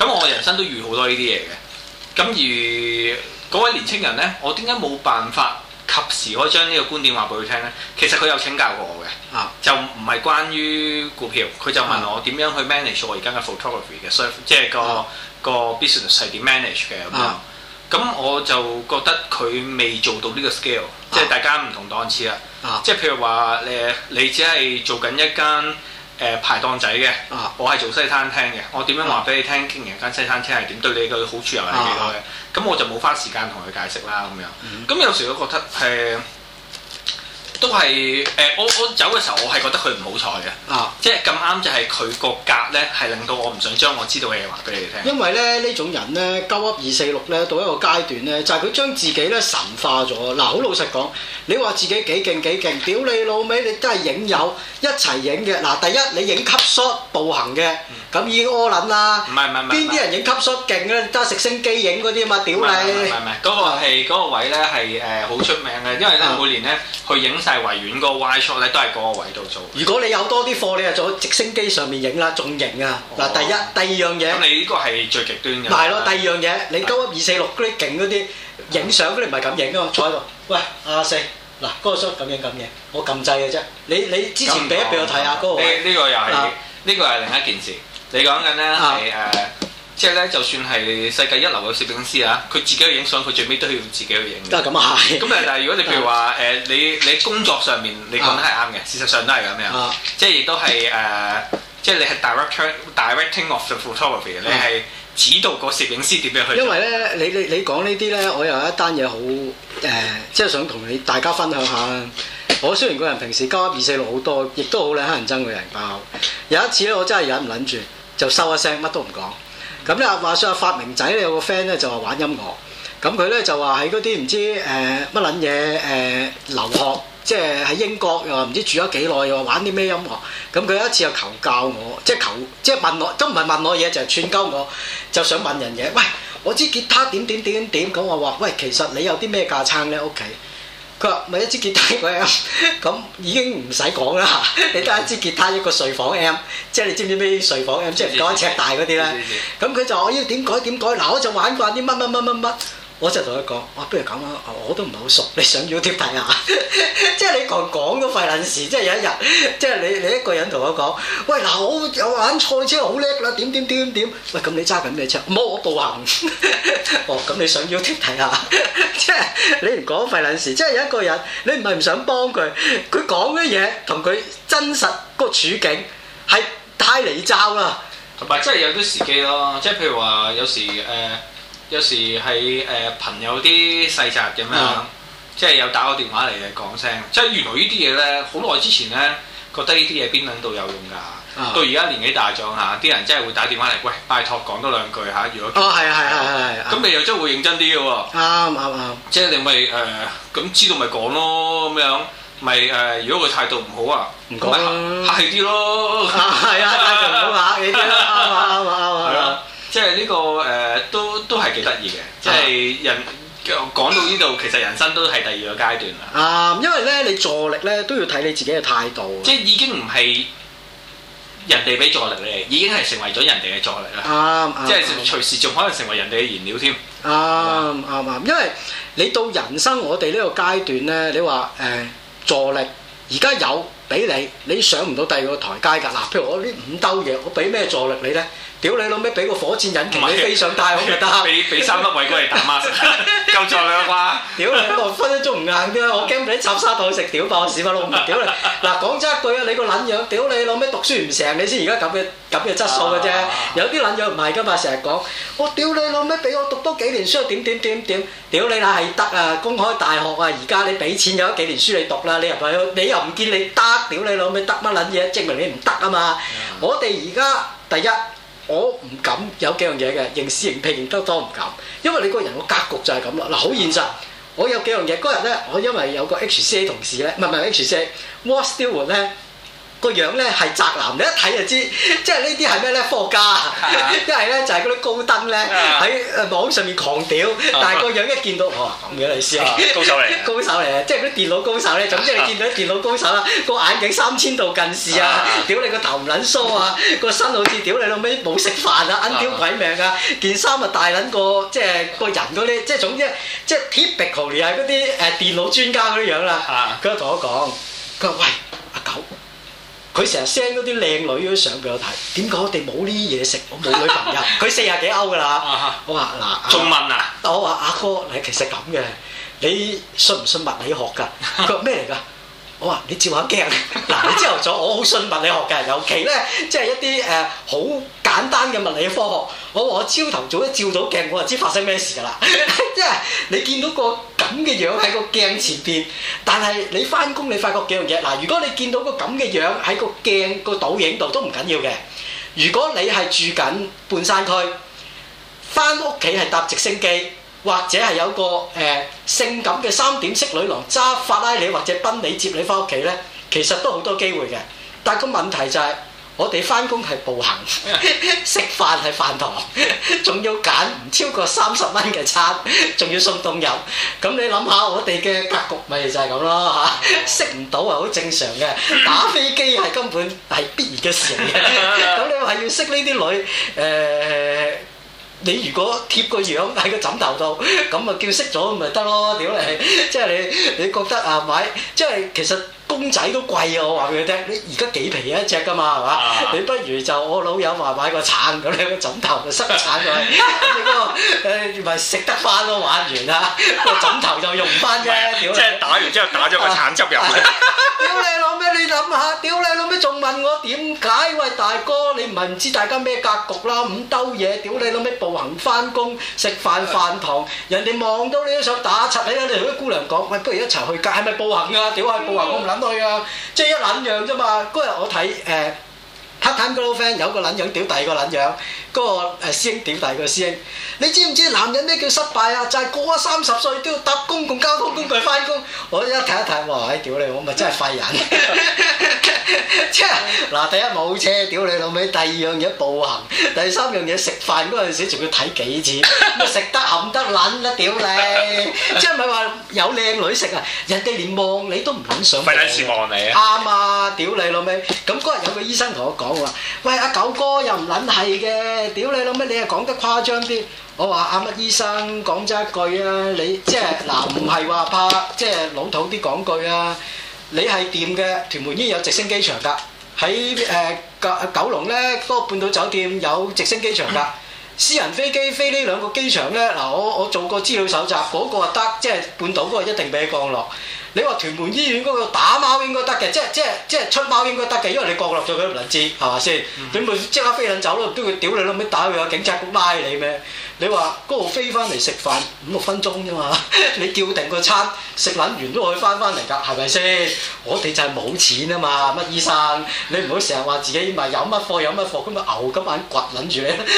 咁我人生都遇好多呢啲嘢嘅。咁而嗰位年青人呢，我點解冇辦法及時可以將呢個觀點話俾佢聽呢？其實佢有請教過我嘅，啊、就唔係關於股票，佢就問我點樣去 manage 我而家嘅 photography 嘅、啊，即係個、啊、個 business 係點 manage 嘅咁樣。啊啊咁我就覺得佢未做到呢個 scale，即係大家唔同檔次啦。即係譬如話誒，你只係做緊一間誒、呃、排檔仔嘅，我係做西餐廳嘅，我點樣話俾你聽經營間西餐廳係點對你嘅好處又係幾多嘅？咁、啊、我就冇花時間同佢解釋啦咁樣。咁、嗯、有時我覺得誒。呃都係誒、呃，我我走嘅時候，我係覺得佢唔好彩嘅，啊，即係咁啱就係佢個格咧，係令到我唔想將我知道嘅嘢話俾你哋聽。因為咧，呢種人咧，勾噏二四六咧，到一個階段咧，就係佢將自己咧神化咗。嗱，好老實講，你話自己幾勁幾勁，屌你老味，你都係影友一齊影嘅。嗱，第一你影 cut short 步行嘅。嗯咁已經屙冧啦，邊啲人影 shot 勁咧？都係直升機影嗰啲啊嘛，屌你！唔係唔係，嗰個係嗰個位咧係誒好出名嘅，因為佢每年咧去影曬維園嗰個 Y shot 咧都係嗰個位度做。如果你有多啲貨，你就做直升機上面影啦，仲型啊！嗱，第一、第二樣嘢。咁你呢個係最極端嘅。係咯，第二樣嘢，你九一二四六 grade 勁嗰啲影相嗰啲唔係咁影啊嘛！坐喺度，喂，阿四嗱，嗰個 shot 咁影咁影，我撳掣嘅啫。你你之前俾一俾我睇下嗰個。呢呢個又係呢個係另一件事。你講緊咧係誒，啊、即係咧就算係世界一流嘅攝影師啊，佢自己去影相，佢最尾都要自己去影。都係咁啊，係。咁誒，但係如果你譬如話誒，啊、你你工作上面你講得係啱嘅，啊、事實上都係咁樣，啊、即係亦都係誒、啊，即係你係 director directing of the photography，啊、你係指導個攝影師點樣去。因為咧，你你你講呢啲咧，我有一單嘢好誒，即係想同你大家分享下。我雖然個人平時交二四六好多，亦都好咧乞人憎嘅人包。有一次咧，我真係忍唔撚住。就收一聲，乜都唔講。咁咧話説啊，說發明仔咧有個 friend 咧就話玩音樂。咁佢咧就話喺嗰啲唔知誒乜撚嘢誒留學，即係喺英國又話唔知住咗幾耐，又玩啲咩音樂。咁佢有一次又求教我，即係求即係問我，都唔係問我嘢，就係串鳩我，就想問人嘢。喂，我知吉他點點點點。咁我話喂，其實你有啲咩架撐咧屋企？佢話買一支吉他一個 M，咁 已經唔使講啦。你得一支吉他一個睡房 M， 即係你知唔知咩睡房 M？ 即係唔夠一尺大嗰啲啦。咁佢 就我要點改點改，嗱我就玩慣啲乜乜乜乜乜。什麼什麼什麼什麼我真係同佢講，哇、啊！不如咁啦，我都唔係好熟，你想要貼睇下， 即係你講講都費撚事。即係有一日，即係你你一個人同我講，喂嗱、呃，我有玩賽車好叻啦，點點點點，喂咁你揸緊咩車？冇，我步行，哦咁你想要貼睇下， 即係你唔講費撚事。 即係有一個人，你唔係唔想幫佢，佢講嘅嘢同佢真實個處境係太離譜啦。同埋真係有啲時機咯，即係譬如話有時誒。呃有時係誒朋友啲細雜咁樣，即係有打個電話嚟講聲。即係原來呢啲嘢咧，好耐之前咧，覺得呢啲嘢邊撚度有用㗎。到而家年紀大咗嚇，啲人真係會打電話嚟，喂，拜託講多兩句嚇。如果哦係啊係係係，咁你又真係會認真啲嘅喎。啱啱啱。即係你咪誒，咁知道咪講咯咁樣，咪誒，如果佢態度唔好啊，唔講，客氣啲咯。係啊，大丈係幾得意嘅，即係、就是、人講到呢度，其實人生都係第二個階段啦。啊、嗯，因為咧，你助力咧都要睇你自己嘅態度。即係已經唔係人哋俾助力你，已經係成為咗人哋嘅助力啦。啱，即係隨時仲可能成為人哋嘅燃料添。啱啱啊，因為你到人生我哋呢個階段咧，你話誒、呃、助力而家有俾你，你上唔到第二個台階㗎嗱。譬如我呢五兜嘢，我俾咩助力你咧？屌你老味，俾個火箭引擎你飛上太空就得。俾俾三粒偉哥嚟打孖，夠錯啦啩？屌你，我分分鐘唔硬噶，我驚俾你插沙袋食。屌爆屎忽佬！屌你，嗱講真一句啊，你個撚樣，屌你老味，讀書唔成，你先而家咁嘅咁嘅質素嘅啫。有啲撚樣唔係噶嘛，成日講我屌你老味，俾我讀多幾年書，點點點點，屌你啦，係得啊，公開大學啊，而家你俾錢有得幾年書你讀啦，你又你又唔見你得，屌你老味得乜撚嘢？證明你唔得啊嘛。我哋而家第一。我唔敢有幾樣嘢嘅，認死認拼亦都當唔敢，因為你個人個格局就係咁啦。嗱，好現實，我有幾樣嘢嗰日咧，我因為有個 HCA 同事咧，唔係唔係 HCA，What Stewart 咧。個樣咧係宅男，你一睇就知，即係呢啲係咩咧？科學家，一係咧就係嗰啲高登咧喺網上面狂屌，但係個樣一見到，哦，咁樣嚟試，高手嚟，高手嚟，即係嗰啲電腦高手咧。總之你見到啲電腦高手啦，個眼鏡三千度近視啊，屌你個頭唔撚梳啊，個身好似屌你老尾冇食飯啊，撚屌鬼命啊，件衫啊大撚過，即係個人嗰啲，即係總之即係 typical 係嗰啲誒電腦專家嗰啲樣啦。佢同我講，佢話：喂，阿九。佢成日 send 嗰啲靚女嗰啲相俾我睇，點解我哋冇呢啲嘢食？我冇女朋友，佢 四廿幾四十幾歐㗎啦。我話嗱，仲問啊？我話阿哥，你其實咁嘅，你信唔信物理學㗎？佢話咩嚟㗎？ 我話你照下鏡，嗱 你朝頭早我好信物理學嘅，尤其咧即係一啲誒好簡單嘅物理科學，我話我朝頭早一照到鏡，我就知發生咩事㗎啦， 即係你見到個咁嘅樣喺個鏡前邊，但係你翻工你發覺幾樣嘢，嗱、呃、如果你見到個咁嘅樣喺個鏡個倒影度都唔緊要嘅，如果你係住緊半山區，翻屋企係搭直升機。或者係有個誒、呃、性感嘅三點式女郎揸法拉，拉利或者賓利接你翻屋企咧，其實都好多機會嘅。但個問題就係、是、我哋翻工係步行，食飯係飯堂，仲 要揀唔超過三十蚊嘅餐，仲 要送凍飲。咁你諗下我哋嘅格局，咪就係咁咯嚇。識唔到係好正常嘅， 打飛機係根本係必然嘅事、啊。咁 你話要識呢啲女誒？呃你如果貼個樣喺個枕頭度，咁啊叫熄咗咪得咯？屌 你，即係你，你覺得啊，買，即係、就是、其實。公仔都貴啊！我話俾佢聽，你而家幾皮一隻㗎嘛係嘛？你不如就我老友話買個鏟咁樣，枕頭咪塞鏟佢，誒咪食得翻咯，玩完啦，個枕頭就用翻啫。即係打完之後打咗個鏟執入去。屌你老味！你諗下，屌你老味仲問我點解，喂大哥？你唔係唔知大家咩格局啦？唔兜嘢，屌你老味步行翻工食飯飯堂，人哋望到你都想打柒你啊！你同啲姑娘講，喂，不如一齊去街？係咪步行㗎？屌係步行工唔撚？對啊，即係一攬樣啫嘛。嗰日我睇誒。 睇睇個老 friend 有個捻樣屌第二個捻樣，嗰個誒師兄屌第二個、呃、師兄，你知唔知男人咩叫失敗啊？就係過咗三十歲都要搭公共交通工具翻工。我一睇一睇，哇！屌你，我咪真係廢人。即係嗱，第一冇車，屌你老味；第二樣嘢步行；第三樣嘢食飯嗰陣時仲要睇幾次，食得冚得撚啦屌你！即係唔係話有靚女食啊？人哋連望你都唔肯上。費大事望你啊！啱啊，屌你老味！咁嗰日有個醫生同我講。我話：喂，阿九哥又唔撚係嘅，屌你老咩！你係講得誇張啲。我話阿乜醫生講真一句啊，你即係嗱，唔係話怕，即係老土啲講句啊，你係掂嘅。屯門已經有直升機場㗎，喺誒九九龍咧嗰個半島酒店有直升機場㗎。私人飛機飛呢兩個機場咧，嗱我我做過資料蒐集，嗰個啊得，即係半島嗰個一定俾你降落。你話屯門醫院嗰個打貓應該得嘅，即係即係即係出貓應該得嘅，因為你角落咗佢都唔人知，係咪先？你咪即刻飛撚走咯，都要屌你老母打佢啊！警察局拉你咩？你話嗰度飛翻嚟食飯五六分鐘啫嘛， 你叫定個餐食撚完都可以翻翻嚟㗎，係咪先？我哋就係冇錢啊嘛，乜醫生？你唔好成日話自己咪有乜貨有乜貨，咁咪牛咁眼掘撚住你。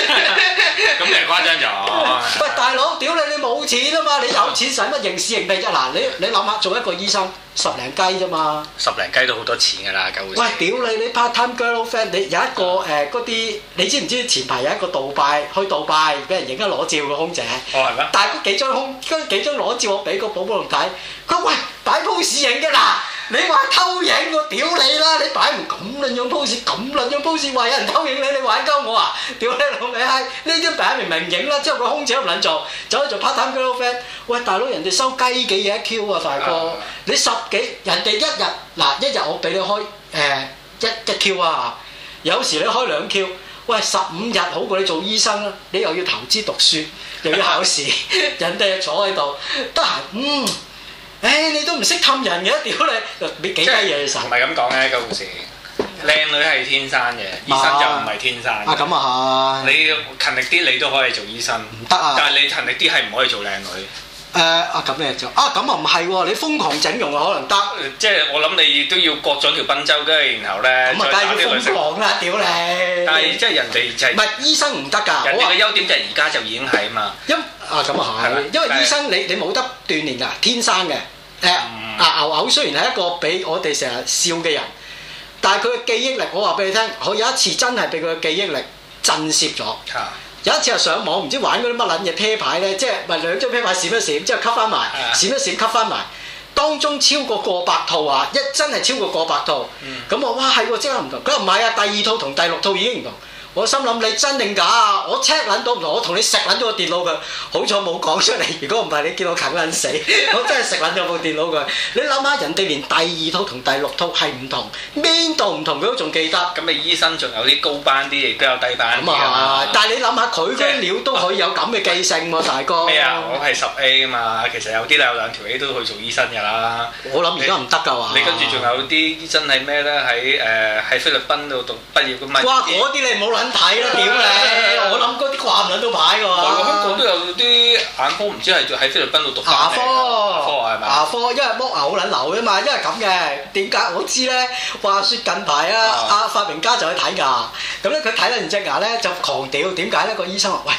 咁誇張就，喂 大佬，屌你你冇錢啊嘛，你有錢使乜營私營弊啫嗱？你你諗下做一個醫。醫生十零雞啫嘛，十零雞都好多錢㗎啦，救護。喂，屌你你 part time girlfriend，你有一個誒嗰啲，你知唔知前排有一個杜拜去杜拜俾人影一裸照嘅空姐？哦係咩？但係嗰幾張空嗰幾張裸照，我俾個寶寶睇，佢喂。擺 pose 影嘅喇，你話偷影我屌你啦！你擺咁撚樣 pose，咁撚樣 pose，話有人偷影你，你玩鳩我啊？屌你老味閪！呢啲擺明明影啦，之後個空姐都唔撚做，走去做 part time girlfriend。喂，大佬人哋收雞幾嘢一 q 啊？大哥、啊，你十幾人哋一日嗱一日，一日我俾你開誒、呃、一一 q 啊！有時你開兩 q，喂十五日好過你做醫生啦！你又要投資讀書，又要考試， 人哋坐喺度得閒嗯。誒、哎、你都唔識氹人嘅，屌你！你幾閪嘢！即係唔係咁講咧，個故、那個、事，靚女係天生嘅，醫生就唔係天生嘅。咁啊嚇！啊啊你勤力啲，你都可以做醫生。唔得啊！但係你勤力啲係唔可以做靚女。誒啊咁咧就啊咁啊唔係喎，你瘋狂整容啊可能得，即係我諗你都要割咗條賓周，跟住然後咧，咁啊梗係要瘋狂啦屌你！但係即係人哋就唔係醫生唔得㗎，我哋嘅優點就係而家就已經係啊嘛，因啊咁啊係，因為醫生你你冇得鍛鍊㗎，天生嘅誒啊牛牛雖然係一個俾我哋成日笑嘅人，但係佢嘅記憶力，我話俾你聽，我有一次真係俾佢嘅記憶力震懾咗。有一次又上網唔知玩嗰啲乜撚嘢啤牌呢，即係咪兩張啤牌閃一閃之後吸翻埋，閃一閃吸翻埋，當中超過過百套啊！一真係超過過百套，咁、嗯、我哇係喎，真係唔同。佢話唔係啊，第二套同第六套已經唔同。我心諗你真定假啊！我 check 撚到唔同，我同你食撚咗個電腦㗎。好彩冇講出嚟，如果唔係你叫我啃撚死，我真係食撚咗部電腦㗎。你諗下，人哋連第二套同第六套係唔同，邊度唔同佢都仲記得。咁你醫生仲有啲高班啲，亦都有低班啲㗎嘛？但係你諗下，佢嗰啲料都可以有咁嘅記性喎，大哥。咩啊？我係十 A 啊嘛，其實有啲咧有兩條 A 都去做醫生㗎啦。我諗而家唔得㗎喎。你跟住仲有啲醫生係咩咧？喺誒喺菲律賓度讀畢業咁啊！嗰啲你冇撚睇啦，哎、呀屌你？哎、呀我諗嗰啲掛唔撚到牌喎。香港都有啲眼科，唔知係喺菲律賓度讀。牙科，牙科係咪？牙科，因為剝牙好撚流啫嘛。因為咁嘅，點解我知咧？話說近排啊，阿發明家就去睇牙，咁咧佢睇完隻牙咧就狂屌，點解咧？個醫生話：喂。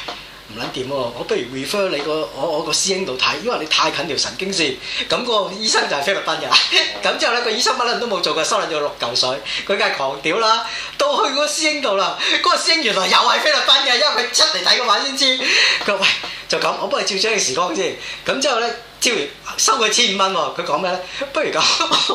唔撚掂喎，我不如 refer 你個我我個師兄度睇，因為你太近條神經線。咁個醫生就係菲律賓嘅，咁 之後咧個醫生乜撚都冇做過，收撚咗六嚿水，佢梗係狂屌啦。到去嗰師兄度啦，嗰個師兄原來又係菲律賓嘅，因為佢出嚟睇個話先知。佢話：「喂。」就咁，我幫你照張 X 光先，咁之後咧，照完收佢千五蚊喎，佢講咩咧？不如咁，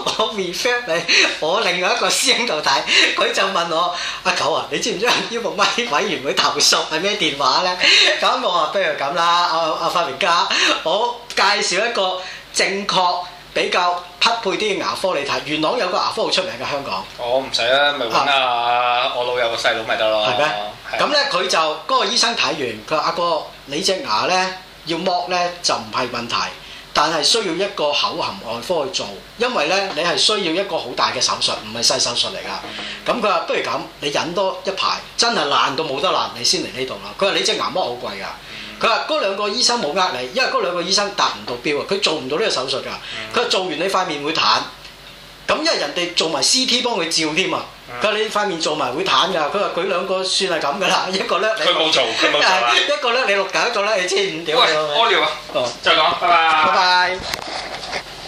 我 refer 你我另外一個師兄度睇，佢就問我：阿九啊，你知唔知呢醫務委員會投訴係咩電話咧？咁我話不如咁啦，阿阿發明家，我介紹一個正確。比較匹配啲牙科你睇，元朗有個牙科好出名嘅香港。我唔使啦，咪揾下我老友個細佬咪得咯。係咩？咁咧佢就嗰個醫生睇完，佢話：阿哥你隻牙咧要剝咧就唔係問題，但係需要一個口含外科去做，因為咧你係需要一個好大嘅手術，唔係細手術嚟㗎。咁佢話：不如咁，你忍多一排，真係爛到冇得爛，你先嚟呢度啦。佢話：你隻牙剝好貴㗎。佢話嗰兩個醫生冇呃你，因為嗰兩個醫生達唔到標啊，佢做唔到呢個手術㗎。佢話、嗯、做完你塊面會癱，咁因為人哋做埋 CT 幫佢照添啊。佢話、嗯、你塊面做埋會癱㗎。佢話佢兩個算係咁㗎啦，一個咧佢冇做，佢冇做啊。 一個咧呢你 六九，一個咧你千五屌你。屙尿啊！喂再講說，拜拜。拜拜。